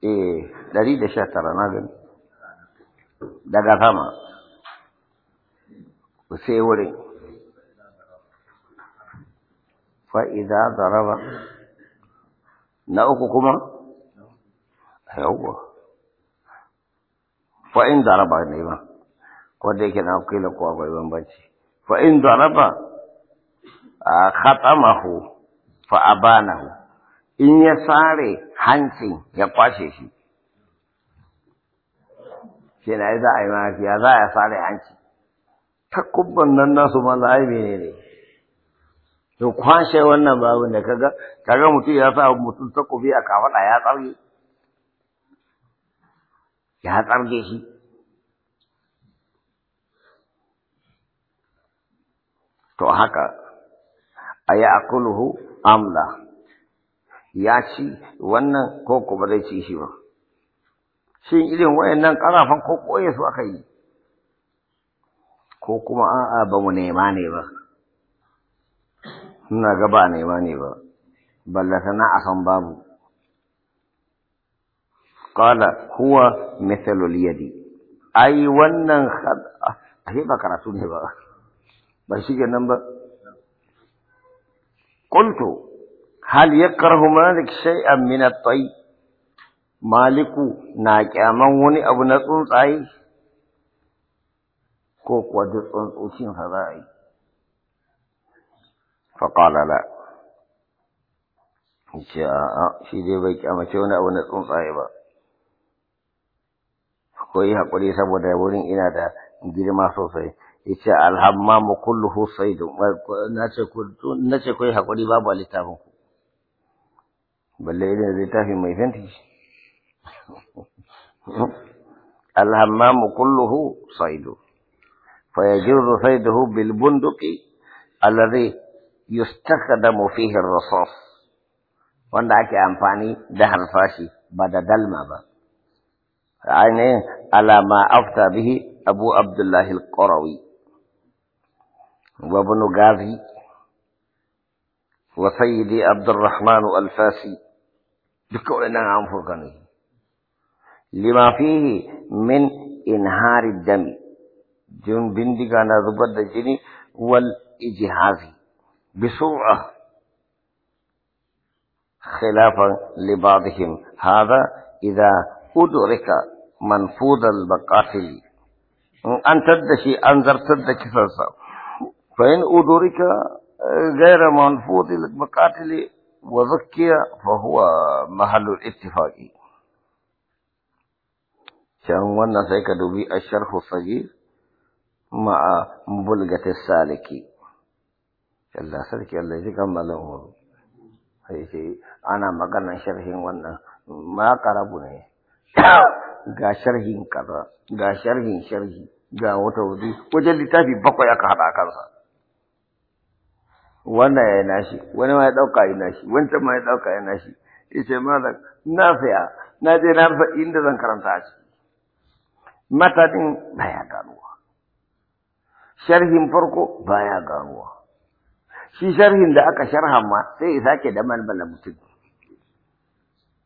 eh ɗari da sha tara na gani daga sama sai fa'iza zaraba na uku kuma yawwa fa'in zaraba ne ba ko yake na kila kuwa bai bambanci fa'in zaraba a khatamahu fa'abanahu in ya sare hancin ya kwashe shi shi na za a yi mafi ya za a sare hanci kubban nan nasu malayi ne ne to kwashe wannan babin da kaga kaga mutum ya sa mutum kubi a kafaɗa ya tsarge ya tsarge shi to haka a yi akuluhu amla ya ci wannan ko kuma zai ci shi ba shin irin wayannan ƙarafan ko koye su aka yi ko kuma a'a ba mu nema ne ba ina ga ba nema ne ba ballata na a san babu qala huwa mithlul yadi ai wannan ashe ba karatu ne ba ba shi nan ba qultu hal yakrahu malik shay'an min at maliku na kyaman wani abu na tsuntsaye ko kuwa duk tsuntsucin sa za a yi faƙala la ce a'a shi dai bai kyamace wani abu na tsuntsaye ba ko yi haƙuri saboda wurin ina da girma sosai yace alhamma mu kulluhu saidu na ce ku yi haƙuri babu littafin balle irin littafi mai fenti alhammamu kulluhu saidu فيجر صيده بالبندق الذي يستخدم فيه الرصاص wanda ake amfani da harsashi ba da dalma ba ainihin alama afta bihi abu abdullahi al-qarawi wa ibn gazi wa sayyidi abdurrahman al-fasi duka waɗannan an furgani lima fihi min inhari dami jin bindiga na zubar da jini wal ijihazi بسرعة خلافا لبعضهم هذا إذا أدرك منفوذ المقاتل أن تدشي أنظر تدشي فإن أدرك غير منفوذ المقاتل وذكي فهو محل الاتفاق كان وانا سيكا دوبي الشرح الصغير مع مبلغة السالكي الله سلكي الله يجيك مالهم sai sai ana maganan sharhin wannan ma karabu ne ga sharhin kaza ga sharhin sharhi ga wata wuri wajen littafi bakwai aka haɗa kansa wannan ya yi nashi wani ma ya ɗauka ya nashi wancan ma ya ɗauka ya nashi yace malam na saya na je na faɗi inda zan karanta a ciki matanin baya ganuwa sharhin farko baya ganuwa shi sharhin da aka sharha ma sai ya sake da malmala mutum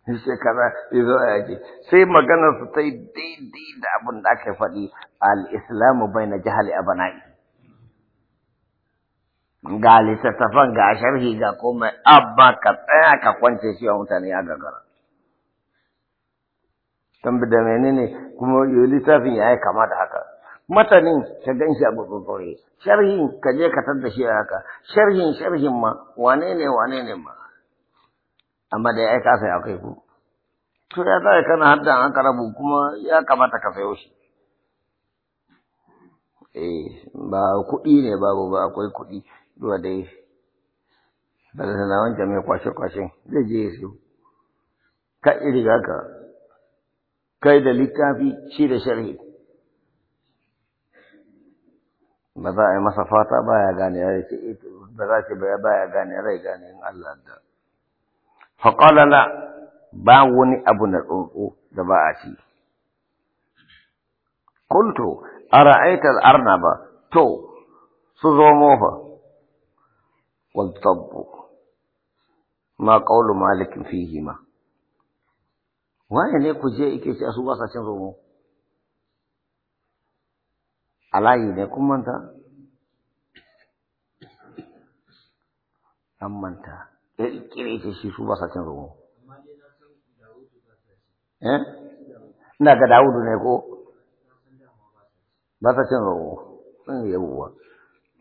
shekara izo a yake sai maganar su ta yi daidai da abin da aka faɗi al-islamu bai na jihar abana'i ga littattafan ga sharhi ga komai abba ka tsaya ka kwance shi wa mutane ya gagara tambi da menene kuma yi littafin ya yi kama da haka matanin ka gan shi a gurgurgure sharhin ka je ka tadda shi a haka sharhin sharhin ma wane ne wane ne ma amma da ya kasa ya kai ku to ya tsaye kana haddan an karabu kuma ya kamata ka sayo shi eh ba kuɗi ne babu ba akwai kuɗi zuwa da yi da sana wancan mai kwashe-kwashen zai je ya ka iri ka kai da littafi shi da sharhi ba za a yi masa fata ba ya gane ya ce eh, ba za ce ba ya gane rai gane in Allah da faƙala la ba wani abu na tsuntsu da ba a ci kultu a ra'aitar ba to su zo mofa والضب ما قول مالك فيهما wani ne ku ike ce su ba romo alayi ne kun manta an manta ƙirƙire ce shi su ba romo ina ga dawudu ne ko ba sa cin romo sun yawuwa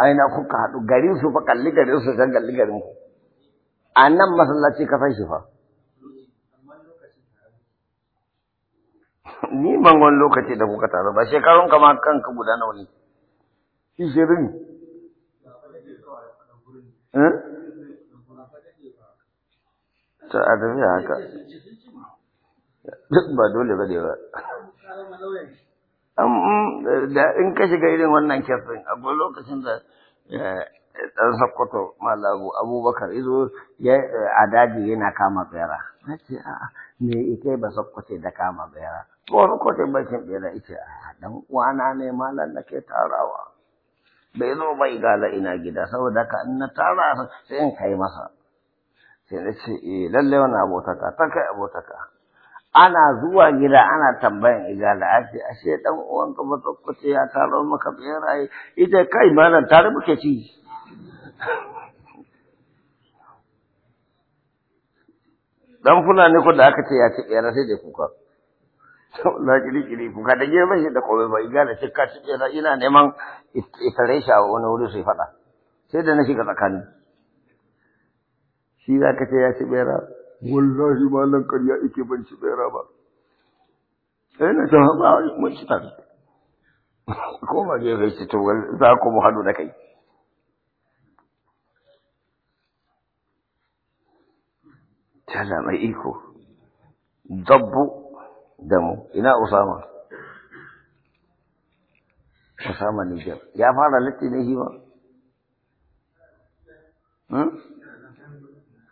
aina kuka haɗu garin su fa kalli garin su can kalli garin ku a nan masallaci ka san shi fa ni mangon lokaci da kuka taru ba shekarun kama kanka guda nawa ne ishirin eh? ta a tafiya haka duk ba dole ba ne ba da in ka shiga irin wannan kirtin akwai lokacin da eh, ɗan sakkwato malabu abubakar izo eh, a daji yana kama bera na ce a me ita ba sakkwato da kama bera ko sakkwace bakin bera ita a dan uwana ne malam na ke tarawa bai zo bai gala ina gida saboda ka in na tara sai in kai masa sai na ce eh, lallai wani abotaka ta kai abotaka ana zuwa gida ana tambayan igala ake ashe dan uwanka matsakwace ya taro maka beraye ita kai malam tare muke ci dan ne ko da aka ce ya ci bera sai dai kuka na kiri kiri kuka da gefe mai da kowe ba igala ce ka ci bera ina neman itare sha wani wuri sai faɗa sai da na shiga tsakani shi zaka ce ya ci bera wallahi malan ƙarya yake ban shi bera ba sai na ta ba mun ci tare ko ba je kai ci to za ku mu hadu da kai tana mai iko dabbu da mu ina usama usama ne ya fara latti ne shi ba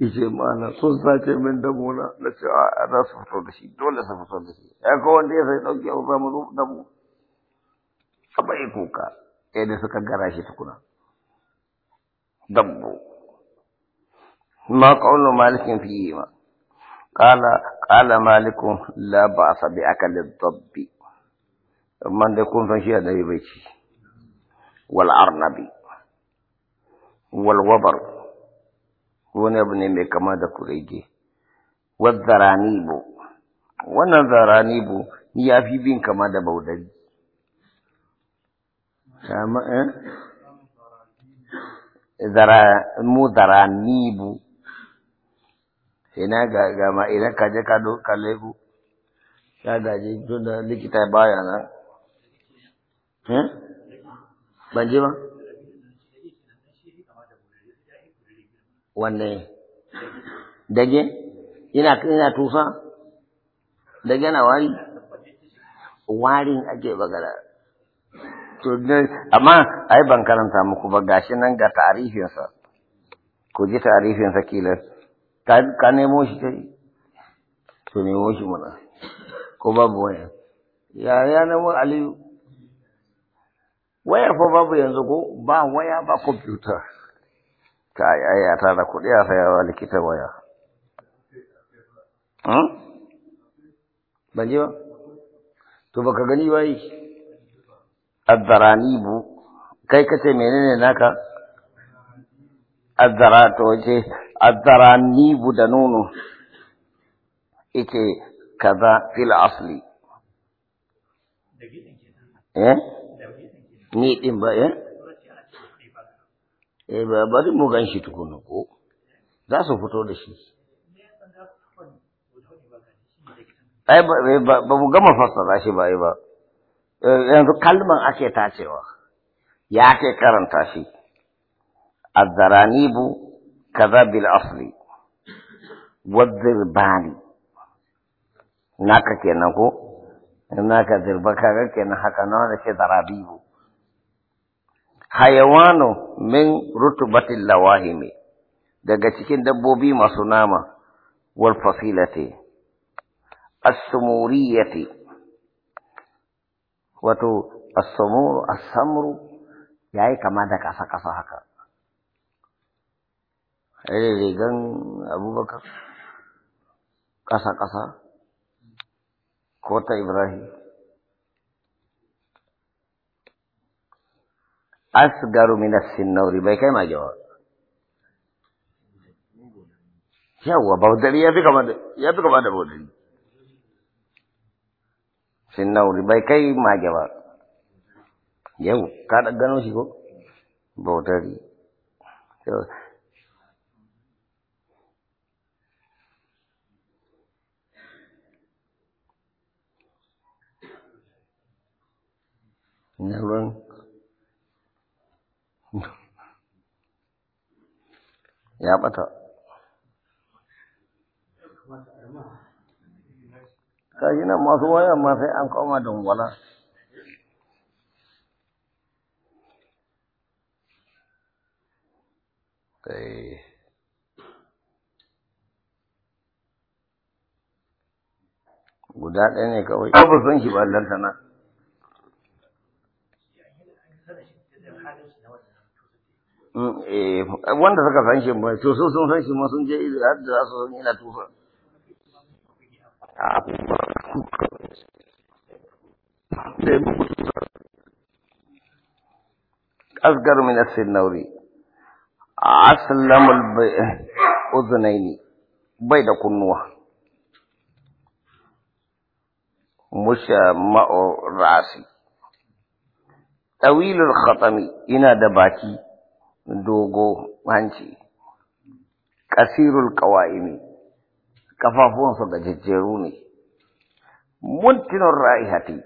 yace mana sun sace min damo na na ce a za su fito da shi dole su fito da shi ya ko wanda ya sai dauke wa mu damo sabai kuka sai da suka gara shi tukuna dabbo ma qawlu malikin fihi ma qala qala malikun la ba'sa bi akali dabbi man da kun san shi da bai ci wal arnabi wal wabar wani abu ne mai kama da kurege wazzaranibu wannan zaranibu ni ya fi bin kama da baudari eh? mu zaranibu ina ga gama kaje ka je ka doka lebu ya daji tun da likita baya nan eh? ban ba wanne dage ina ina tufa dage na wari warin ake bagara to amma ai ban karanta muku ba gashi nan ga tarihinsa ku ji tarihinsa kila ka nemo shi kai to nemo shi mana ko babu waya ya ya nemo aliyu waya fa babu yanzu ko ba waya ba computer ka ai ta da kuɗi a sayawa likita waya hmm? ban ji ba to baka gani ba yi bu. kai kace menene naka Azzara to ce bu da nono ike kaza fil asli eh ni din ba eh Eh, bari mu gan shi tukunu ko za su fito da shi ai ba eh, mu gama fassara shi ba ba eh, yanzu kalman ake tacewa ya ke karanta shi azzaranibu kaza bil asli wadzirbani naka kenan ko naka dirba kaga kenan haka nawa da ke bu. hayawano min rutubatil lawahimi daga cikin dabbobi masu nama wal fasilati as-sumuriyati wato as-sumur as-samru yayi kama da kasa kasa haka irin rigan abubakar kasa kasa ko ta ibrahim asgaru minas as baik bai kai ya ba yawa baudari ya fi kama da ya fi kama da baudari sinnauri bai kai mage ya yau ka da gano shi ko baudari Ina ruwan ya bata kaji nan masu waya ma sai an koma wala kai guda ɗaya ne kawai abu sun shi ba lantana Eh, wanda suka san shi mai to sun san shi sun je har da za su san na tufa asgar min as-sinnauri aslamul uzunaini bai da kunnuwa musha ma'o rasi tawilul khatami ina da baki dogo hanci kasirul qawaimi su gajejjeru ne muntinun ra'ihati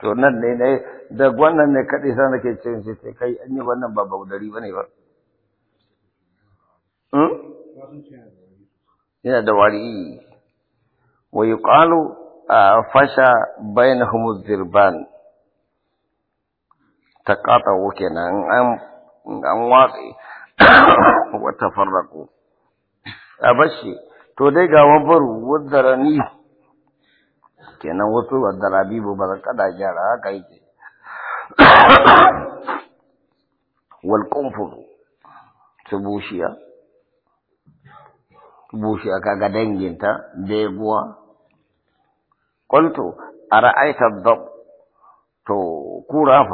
to nan ne ne da wannan ne kaɗai sa nake cin shi sai kai an yi wannan ba baudari ba ne ba hmm? yana da wari wa yuqalu fasha bainahum zirban ta ƙatawo kenan an watsi wata farraku a bashi to dai ga wabaru wadda ni kenan wasu wadda rabibu ba za kada gyara haka yake wal su bushiya bushiya ga danginta beguwa kwalto a ra'aitar dab to kura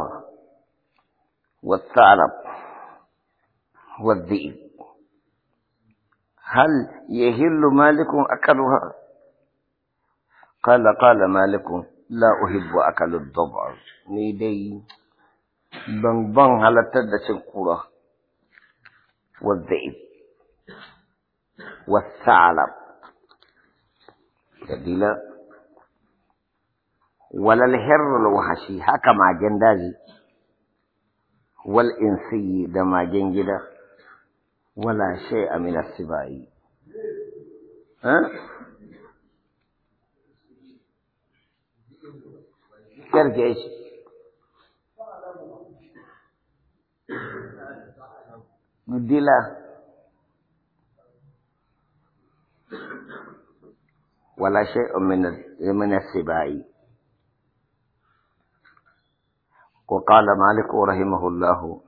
والثعلب والذئب هل يهل مالك أكلها قال قال مالك لا أحب أكل الضبع نيدي بن بن على تدس القرى والذئب والثعلب جديلا ولا الهر الوحشي هكما جندازي wal insi da magen gida wala shi dila wala shay amina وقال مالك رحمه الله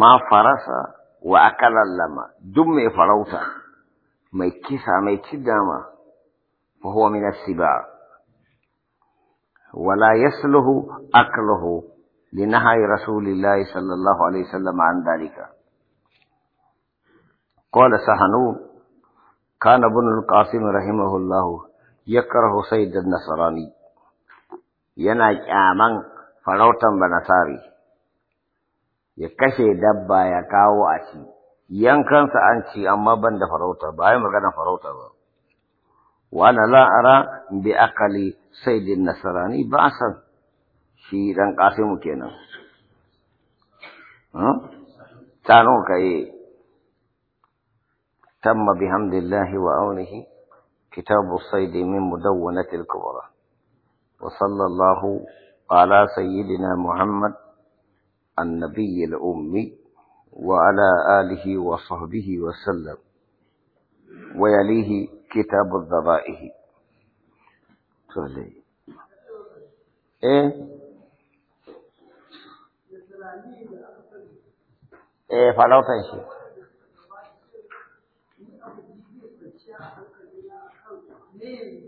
ما فرس وأكل اللما دم فروسا ما يكسى ما يتدامى فهو من السباع ولا يسله أكله لنهي رسول الله صلى الله عليه وسلم عن ذلك قال سهنون كان ابن القاسم رحمه الله يكره سيد النصراني ينا كامن farautan banasari ya kashe dabba ya kawo a ci yankansa an ci amma ban da farauta ba yi magana farauta ba wani la'ara bi akali sai din nasarani ba san shi dan kasimu kenan hmm? tano ka yi tamma bihamdillahi wa aunihi kitabu saidi min mudawwanatil kubra wa sallallahu وعلى سيدنا محمد النبي الأمي وعلى آله وصحبه وسلم ويليه كتاب الذبائح إيه إيه فلوتن شيء إيه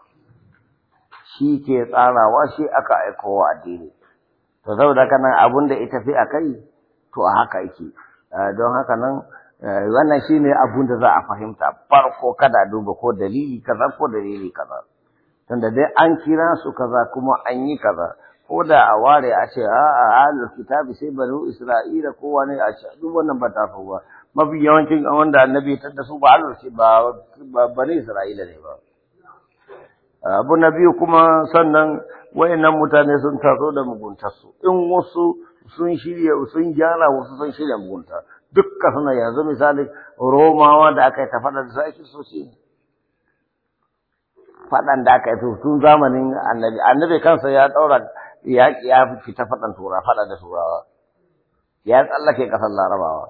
shi ke tsarawa shi aka aikowa addini to saboda haka nan abin da ita fi a kai to a haka yake eh, don haka nan eh, wannan shi ne abin da za a fahimta farko kada duba ko dalili kaza ko dalili kaza tunda dai an kira su kaza kuma an yi kaza ko da a ware a ce a ahlul kitabi sai banu isra'ila kowa ne a ce duk wannan ba ta ba mafi yawancin wanda annabi ta da su ba ahlul ba banu isra'ila ne ba abu na biyu kuma sannan wayannan mutane sun taso da muguntarsu in wasu sun shirya sun gyara wasu sun shirya mugunta dukka suna yanzu misali romawa da aka yi ta faɗa da sake so ce faɗan da aka yi tun zamanin annabi annabi kansa ya ɗaura ya ya fita faɗan tura faɗa da turawa ya tsallake ƙasar larabawa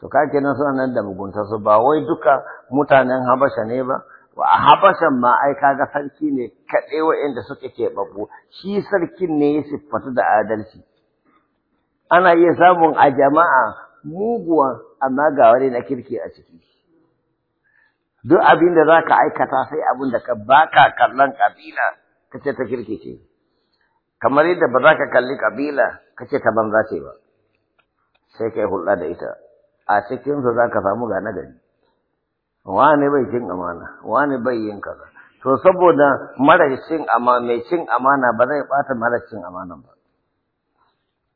to kake nan suna nan da su ba wai duka mutanen habasha ne ba wa a habashan ma ai kaga sarki ne kaɗai wa'inda suka ke babu shi sarkin ne ya siffatu da adalci ana iya samun a jama'a muguwa amma ga wani na kirki a ciki duk abin da za ka aikata sai abin da ka baka kallon kabila ka ce ta kirki ce kamar yadda ba za ka kalli kabila ka ce ta banza ce ba sai kai hulɗa da ita a cikinsu za ka samu ga nagari wani bai cin amana wani bai yin kaza to saboda mara cin amana mai cin amana ba zai bata mara cin amana ba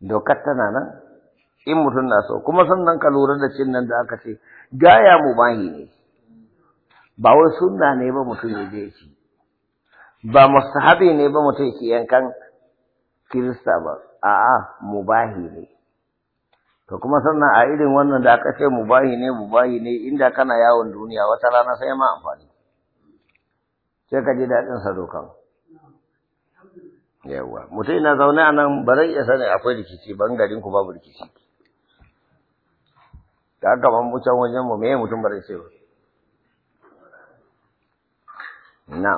dokar tana nan in mutum na so kuma sannan ka lura da cin nan da aka ce gaya mu bahi ne ba wai sunna ne ba mutum ya je ci ba mustahabi ne ba mutum ya yankan kirista ba a'a mubahi ne to kuma sannan a irin wannan da aka ce mu mubahi ne mu mubahi ne inda kana yawon duniya wata rana sai ma amfani sai ka ji daɗin sadokan yawa mutum ina zaune a nan ba zai iya sani akwai rikici ban garin ku babu rikici da aka ban wucen wajen mu me mutum ba zai ce